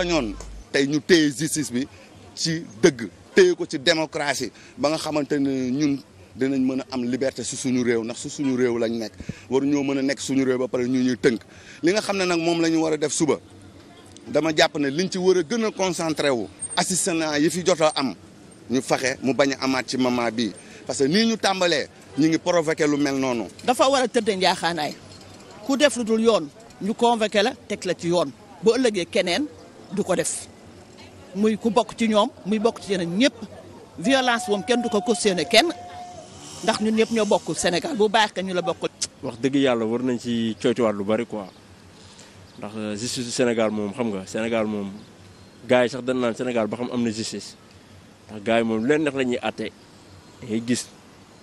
sañoon tey ñu téye justice bi ci dëgg téye ko ci démocratie ba nga xamante ne ñun dinañ mën a am liberté si suñu réew ndax si suñu réew lañ nekk waru ñoo mën a nekk suñu réew ba pare ñu ñuy tënk li nga xam ne nag moom la ñu war a def suba dama jàpp ne liñ ci war a gën a concentré wu assistant yi fi jot am ñu faxe mu bañ amaat ci moment bi parce que ni ñu tàmbalee ñu ngi provoqué lu mel noonu. dafa war a tëdd njaaxaanaay ku def lu dul yoon ñu convoqué la teg ci yoon du ko def muy ku bokk ci ñoom muy bokk ci yeneen ñëpp violence moom kenn du ko ko cautionné kenn ndax ñun ñëpp ñoo bokk Sénégal bu baax ka ñu la bokk. wax dëgg yàlla war nañ ci coocuwaat lu bari quoi ndax euh, justice Sénégal moom xam nga Sénégal moom gars yi sax dañ naan Sénégal ba xam am na justice ndax gars yi moom leen ndax la ñuy àtte gis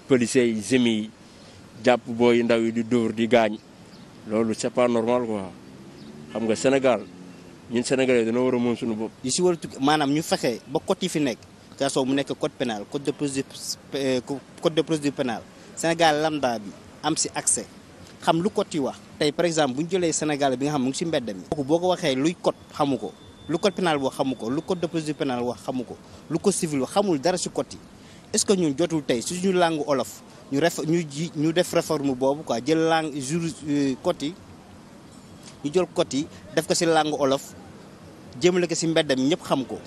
policiers yi zemi yi jàpp booy ndaw yi di dóor di gaañ loolu c'est pas normal quoi xam nga Sénégal. ñun sénégalais dañoo war a moom suñu bopp. yu si war a tukki maanaam ñu fexe ba code yi fi nekk kaasoo mu nekk code pénal code de procédure euh, code de procédure pénale Sénégal bi am si accès xam lu code yi wax. tey par exemple bu ñu jëlee Sénégal bi nga xam mu ngi si mbedd mi. kooku boo ko waxee luy code xamu ko lu code pénal xamu ko lu code de procédure pénale xamu ko lu code civil wax xamul dara si ce que ñun jotul tey suñu langue olof ñu ñu ji ñu def réforme boobu quoi jël langue jur euh, code yi. ñu jël code def ko ci langue olof jëmale ko ci mbeddam ñëpp xam ko.